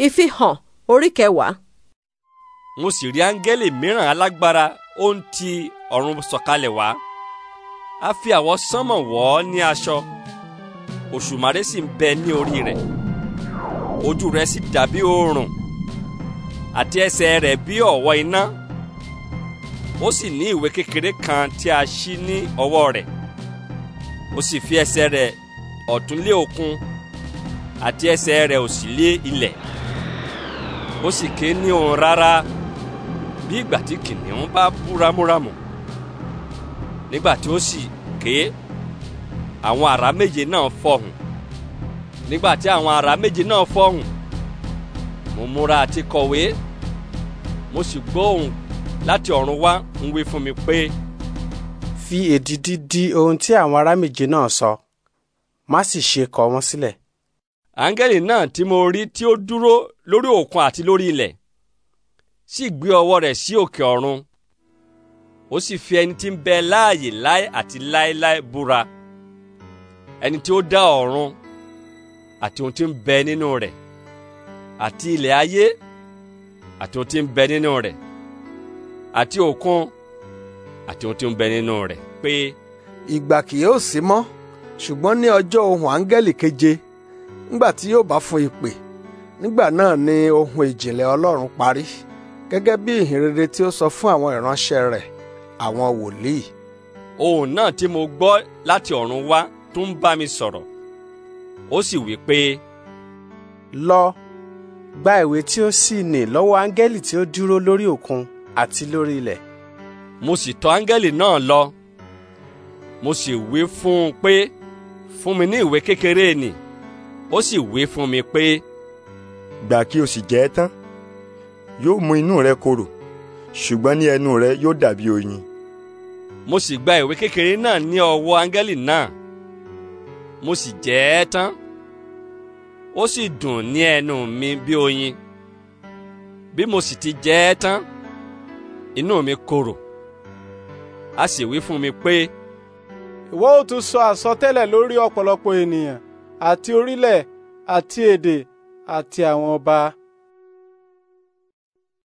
ìfihàn orí kẹwàá. mo sì rí áńgẹ́lì mìíràn alágbára ó ń ti ọ̀run sọ̀kalẹ̀ wá a fi àwọ̀ sánmọ̀ wọ̀ ọ́ ní aṣọ òṣùmàrè sì ń bẹ ní orí rẹ̀ ojú rẹ̀ sì dàbí oòrùn àti ẹsẹ̀ rẹ̀ bí ọ̀wọ́ iná ó sì ní ìwé kékeré kan tí a ṣí ní ọwọ́ rẹ̀ ó sì fi ẹsẹ̀ rẹ̀ ọ̀tún lé òkun àti ẹsẹ̀ rẹ̀ òsì lé ilẹ̀ ó sì ké ní òun rárá bí ìgbà tí kìnìún bá bú ramúramù nígbà tí ó sì ké àwọn àrá méje náà fọhùn nígbà tí àwọn àrá méje náà fọhùn mo múra àti kọ̀wé mo sì gbóhùn láti ọ̀run wá ń wí fún mi pé. fi èdìdì di ohun tí àwọn ará méje náà sọ má sì ṣe kọ wọn sílẹ̀. Angeli náà tí mo rí tí ó dúró lórí òkun àti lórí ilẹ̀ sì gbé ọwọ́ rẹ̀ sí òkè ọ̀run ó sì fi ẹni tí ń bẹ láàyè láé àti láéláé búra ẹni tí ó dá ọ̀run àti ohun tí ń bẹ nínú rẹ̀ àti ilẹ̀ ayé àti ohun tí ń bẹ nínú rẹ̀ àti òkun àti ohun tí ń bẹ nínú rẹ̀ pé. ìgbà kì yóò sí mọ́ ṣùgbọ́n ní ọjọ́ ohùn áńgẹ́lì keje nígbà tí yóò bá fún ìpè nígbà náà ni ohun ìjìnlẹ̀ Ọlọ́run parí gẹ́gẹ́ bí ìhìn rere tí ó sọ fún àwọn ìránṣẹ́ rẹ̀ àwọn wòlíì. ohùn náà tí mo gbọ́ láti ọ̀run wá tún bá mi sọ̀rọ̀ ó sì wí pé. lọ gba ìwé tí ó sì nì lọ́wọ́ áńgẹ́lì tí ó dúró lórí òkun àti lórí ilẹ̀. mo sì tọ̀ áńgẹ́lì náà lọ mo sì wí fún un pé fún mi ní ìwé kékeré nì ó sì wí fún mi pé. gbà kí o sì jẹ ẹ́ tán yóò mú inú rẹ korò ṣùgbọ́n ní ẹnu rẹ yóò dàbí oyin. mo sì gba ìwé kékeré náà ní ọwọ́ áńgẹ́lì náà mo sì jẹ ẹ́ tán ó sì dùn ní ẹnu mi bí oyin bí mo sì ti jẹ ẹ́ tán inú mi korò a sì wí fún mi pé. ìwọ ó tún sọ àsọtẹ́lẹ̀ lórí ọ̀pọ̀lọpọ̀ ènìyàn àti orílẹ̀ àti èdè àti àwọn ọba.